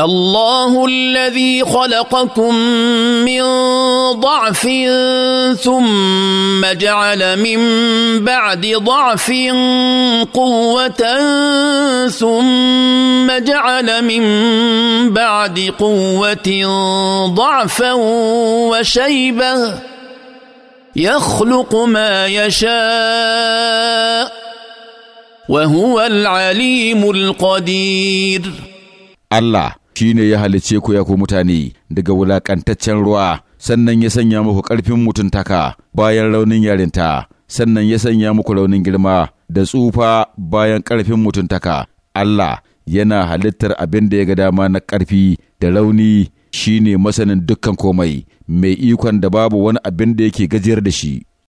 الله الذي خلقكم من ضعف ثم جعل من بعد ضعف قوه ثم جعل من بعد قوه ضعفا وشيبه يخلق ما يشاء وهو العليم القدير الله shi ne ya halice ku ya ku mutane daga wulaƙantaccen ruwa, sannan ya sanya muku ƙarfin mutuntaka bayan raunin yarinta, sannan ya sanya muku raunin girma da tsufa bayan ƙarfin mutuntaka. Allah yana halittar abin da ya ga dama na ƙarfi da rauni shi ne masanin dukkan komai, mai ikon da babu wani abin da yake gajiyar da shi.